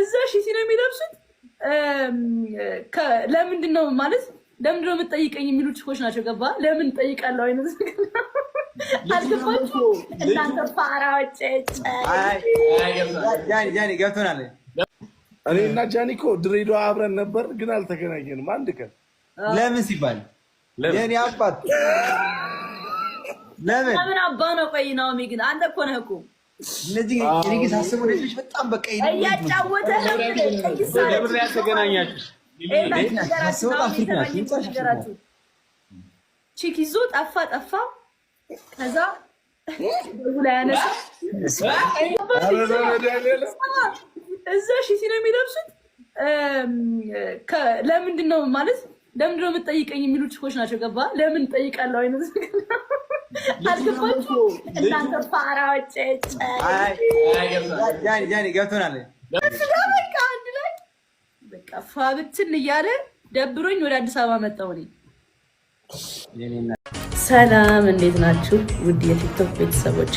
እዛ ሽቲ ነው የሚለብሱት። ለምንድን ነው ማለት ለምንድን ነው የምትጠይቀኝ የሚሉ ችኮች ናቸው። ገባ ለምን ጠይቃለሁ አይነት ጃኒ ገብቶናል። እኔ እና ጃኒ እኮ ድሬዳዋ አብረን ነበር፣ ግን አልተገናኘንም አንድ ቀን። ለምን ሲባል የኔ አባት ለምን አባ ነው ቆይ ናሚ ግን አንተ እኮ ነህ እኮ እነዚህ እኔ ሳስበው ልጆች በጣም በቃ እያጫወተ ቺክ ይዞ ጠፋ ጠፋ። ከዛ ላይ ያነሳ እዛ ሽቲ ነው የሚለብሱት። ለምንድን ነው ማለት ለምንድን ነው የምትጠይቀኝ የሚሉ ችኮች ናቸው። ገባ ለምን ጠይቃለሁ አይነት ነገር ገብቶናል ፋብትን እያለ ደብሮኝ ወደ አዲስ አበባ መጣሁ። እኔ ሰላም፣ እንዴት ናችሁ ውድ የቲክቶክ ቤተሰቦቼ?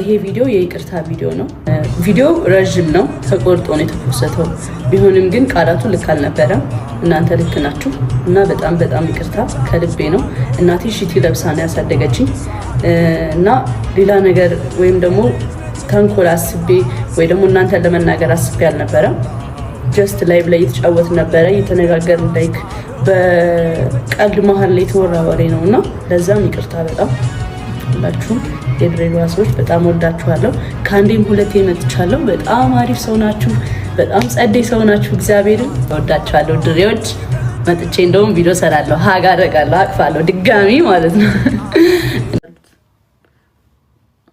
ይሄ ቪዲዮ የይቅርታ ቪዲዮ ነው። ቪዲዮ ረዥም ነው፣ ተቆርጦ ነው የተፖሰተው። ቢሆንም ግን ቃላቱ ልክ አልነበረም። እናንተ ልክ ናችሁ እና በጣም በጣም ይቅርታ ከልቤ ነው። እናቴ ሽቲ ለብሳ ነው ያሳደገችኝ እና ሌላ ነገር ወይም ደግሞ ተንኮል አስቤ ወይ ደግሞ እናንተን ለመናገር አስቤ አልነበረም። ጀስት ላይቭ ላይ የተጫወት ነበረ የተነጋገር ላይክ በቀልድ መሀል ላይ የተወራ ወሬ ነው እና ለዛም ይቅርታ በጣም ሁላችሁም የድሬዳዋ ሰዎች በጣም ወዳችኋለሁ። ከአንዴም ሁለቴ መጥቻለሁ። በጣም አሪፍ ሰው ናችሁ። በጣም ጸዴ ሰው ናችሁ። እግዚአብሔርን ወዳችኋለሁ። ድሬዎች መጥቼ እንደውም ቪዲዮ ሰራለሁ፣ ሀግ አደርጋለሁ፣ አቅፋለሁ ድጋሚ ማለት ነው።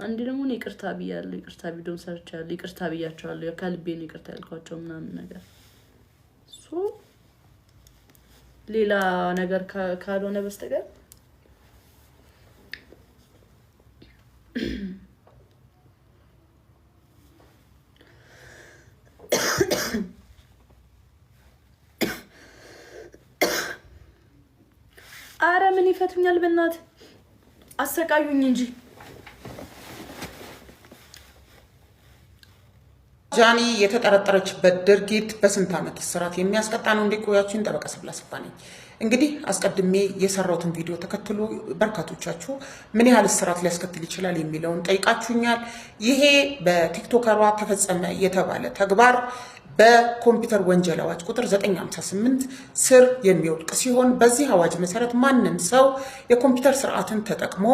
አንድ ደግሞ ይቅርታ ብያለሁ፣ ይቅርታ ቪዲዮ ሰርቻለሁ፣ ይቅርታ ብያቸዋለሁ። ከልቤ ነው ይቅርታ ያልኳቸው ምናምን ነገር ሌላ ነገር ካልሆነ በስተቀር ይፈቱኛል? በእናት አሰቃዩኝ እንጂ ጃኒ የተጠረጠረችበት ድርጊት በስንት ዓመት እስራት የሚያስቀጣ ነው። እንዲቆያችን ጠበቃ ሰብላስባ ነኝ። እንግዲህ አስቀድሜ የሰራሁትን ቪዲዮ ተከትሎ በርካቶቻችሁ ምን ያህል እስራት ሊያስከትል ይችላል የሚለውን ጠይቃችሁኛል። ይሄ በቲክቶከሯ ተፈጸመ የተባለ ተግባር በኮምፒውተር ወንጀል አዋጅ ቁጥር 958 ስር የሚወድቅ ሲሆን በዚህ አዋጅ መሰረት ማንም ሰው የኮምፒውተር ስርዓትን ተጠቅሞ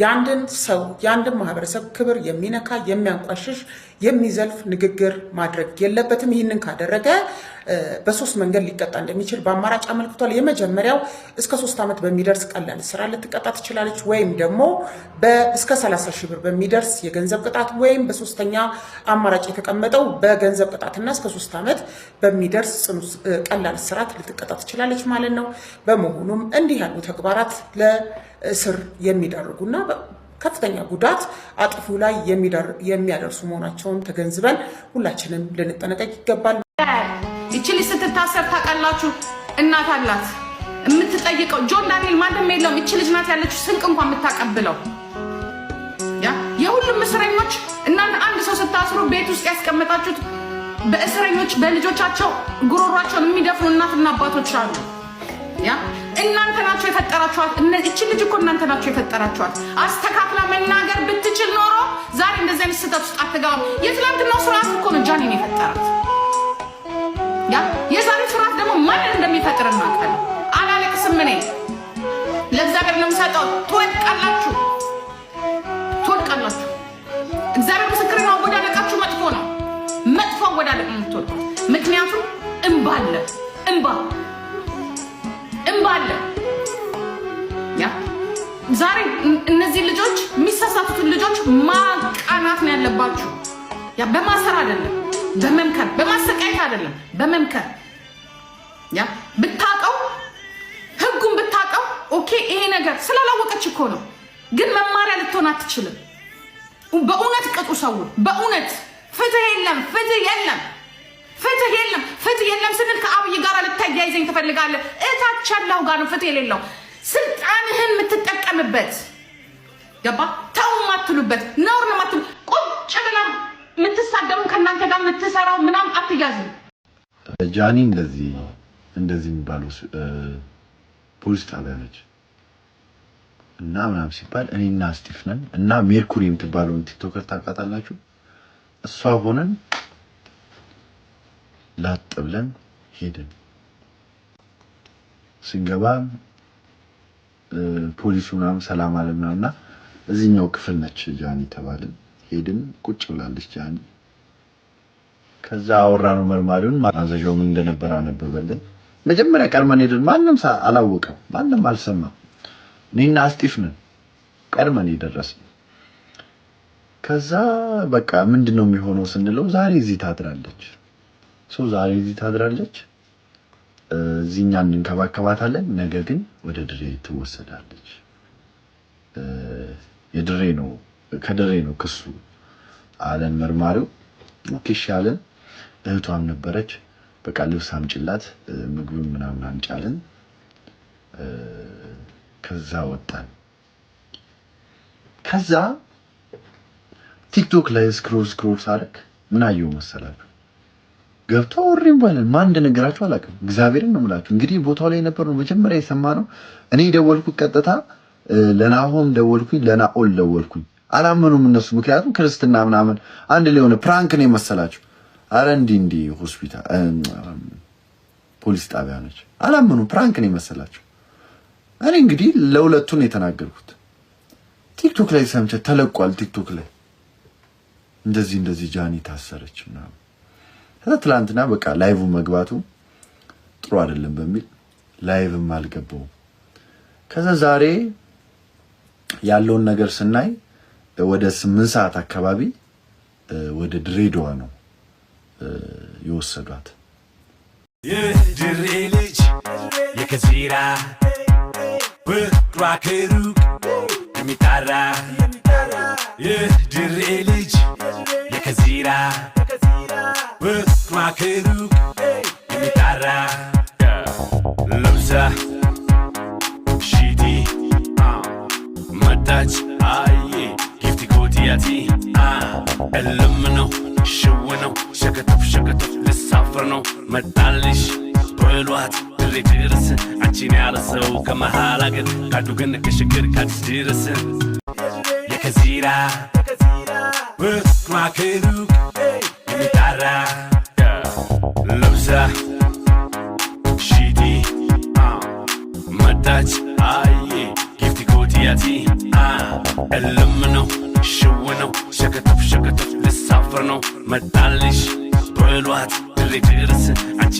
የአንድን ሰው የአንድን ማህበረሰብ ክብር የሚነካ የሚያንቋሽሽ የሚዘልፍ ንግግር ማድረግ የለበትም። ይህንን ካደረገ በሶስት መንገድ ሊቀጣ እንደሚችል በአማራጭ አመልክቷል። የመጀመሪያው እስከ ሶስት ዓመት በሚደርስ ቀላል ስራ ልትቀጣ ትችላለች፣ ወይም ደግሞ እስከ 30 ሺህ ብር በሚደርስ የገንዘብ ቅጣት ወይም በሶስተኛ አማራጭ የተቀመጠው በገንዘብ ቅጣትና እስከ ሶስት ዓመት በሚደርስ ጽኑ ቀላል እስራት ልትቀጣ ትችላለች ማለት ነው። በመሆኑም እንዲህ ያሉ ተግባራት ለእስር የሚዳርጉና ከፍተኛ ጉዳት አጥፊው ላይ የሚያደርሱ መሆናቸውን ተገንዝበን ሁላችንም ልንጠነቀቅ ይገባል። ይችል ስትታሰር ታውቃላችሁ፣ እናት አላት የምትጠይቀው ጆን ዳንኤል ማንም የለውም። ይቺ ልጅ ናት ያለችው ስንቅ እንኳን የምታቀብለው። የሁሉም እስረኞች እናንተ አንድ ሰው ስታስሩ ቤት ውስጥ ያስቀመጣችሁት በእስረኞች በልጆቻቸው ጉሮሯቸውን የሚደፍኑ እናትና አባቶች አሉ። እናንተ ናቸው የፈጠራችኋት። እቺ ልጅ እኮ እናንተ ናቸው የፈጠራችኋት። አስተካክላ መናገር ብትችል ኖሮ ዛሬ እንደዚህ አይነት ስህተት ውስጥ አትገባም። የትላንትናው ስርዓት እኮ ነው ጃኒን የፈጠራት። ያ የዛሬ ስርዓት ደግሞ ማንን እንደሚፈጥር እናውቃለን። አላለቅስም እኔ ለእግዚአብሔር ለምሰጠው ትወድቃላችሁ፣ ትወድቃላችሁ። እግዚአብሔር ምስክር ነው። አወዳደቃችሁ መጥፎ ነው፣ መጥፎ አወዳደቅ ነው የምትወድቁት። ምክንያቱም እምባ አለ እምባ ልብ አለ። ዛሬ እነዚህ ልጆች የሚሳሳቱትን ልጆች ማቃናት ነው ያለባችሁ። ያ በማሰር አይደለም፣ በመምከር በማሰቃየት አይደለም፣ በመምከር ያ ብታቀው ህጉን ብታቀው ኦኬ። ይሄ ነገር ስላላወቀች እኮ ነው፣ ግን መማሪያ ልትሆን አትችልም። በእውነት ቅጡ ሰው በእውነት ፍትህ የለም፣ ፍትህ የለም፣ ፍትህ የለም፣ ፍትህ የለም ስንል ከአብይ ጋር ልታያይዘኝ ትፈልጋለህ። ከታች ጋር ነው ፍትህ የሌለው። ስልጣንህን የምትጠቀምበት ገባ ተው ማትሉበት ነውር ነው ማትሉ ቁጭ ብላ የምትሳደሙ ከእናንተ ጋር የምትሰራው ምናም አትያዙ። ጃኒ እንደዚህ እንደዚህ የሚባሉ ፖሊስ ጣቢያ ነች እና ምናም ሲባል እኔና ስቲፍ ነን እና ሜርኩሪ የምትባለውን ቲክቶከር ታውቃታላችሁ? እሷ ሆነን ላጥ ብለን ሄድን። ስንገባ ፖሊሱ ምናምን ሰላም አለ ምናምን እና እዚህኛው ክፍል ነች ጃኒ ተባልን። ሄድን ቁጭ ብላለች ጃኒ። ከዛ አወራ ነው መርማሪውን ማዘዣው ምን እንደነበር አነበበልን። መጀመሪያ ቀድመን ሄድን፣ ማንም አላወቀም፣ ማንም አልሰማም። እኔና አስጢፍ ነን ቀድመን የደረስን። ከዛ በቃ ምንድን ነው የሚሆነው ስንለው ዛሬ እዚህ ታድራለች ሰው ዛሬ እዚህ ታድራለች እዚህ እኛ እንንከባከባታለን። ነገ ግን ወደ ድሬ ትወሰዳለች። የድሬ ነው ከድሬ ነው ክሱ አለን መርማሪው። ኪሽ አለን። እህቷም ነበረች። በቃ ልብስ አምጭላት ምግብ ምናምን አምጫለን። ከዛ ወጣን። ከዛ ቲክቶክ ላይ ስክሮል ስክሮል ሳደርግ ምን አየሁ መሰላችሁ? ገብተው ወሬ ባለን ማን እንደነገራቸው አላውቅም። እግዚአብሔርን ነው የምላችሁ። እንግዲህ ቦታው ላይ የነበር ነው መጀመሪያ የሰማነው። እኔ ደወልኩ ቀጥታ ለናሆም ደወልኩኝ፣ ለናኦል ደወልኩኝ። አላመኑም እነሱ ምክንያቱም ክርስትና ምናምን አንድ ሊሆነ ፕራንክ ነው የመሰላቸው። አረ እንዲህ እንዲህ ሆስፒታል ፖሊስ ጣቢያ ነች። አላመኑም፣ ፕራንክ ነው የመሰላቸው። እኔ እንግዲህ ለሁለቱን የተናገርኩት ቲክቶክ ላይ ሰምቼ ተለቋል። ቲክቶክ ላይ እንደዚህ እንደዚህ ጃኒ ታሰረች ምናምን ከዛ ትላንትና በቃ ላይቭ መግባቱ ጥሩ አይደለም በሚል ላይቭም አልገባውም። ከዛ ዛሬ ያለውን ነገር ስናይ ወደ ስምንት ሰዓት አካባቢ ወደ ድሬዳዋ ነው የወሰዷት። የድሬ ልጅ የከዚራ ፍቅሯ ከሩቅ የሚጣራ የድሬ ልጅ የከዚራ Makeru, guitarra, ለብሳ shidi, መጣች አዬ ጊፍቲ ኮቲያቲ እልም ነው ሽው ነው ሸከተፍ ሸከተፍ ልሳፍር ነው መጣልሽ በሏት ድሬ ድረስ አንቺን ያለ ሰው ከመሃል አገር ካዱ ገነ ከሽግር ካዲስ ድረስ የከዚራ ብክ ደረሰ ሺዲ መጣች አዬ ጊፍቲ ጎትያቲ እልም ነው ሽው ነው ሸከተፍ ሸከተፍ ልሳፍር ነው መጣልሽ ብሏት ድሬ ድረስ አንቺ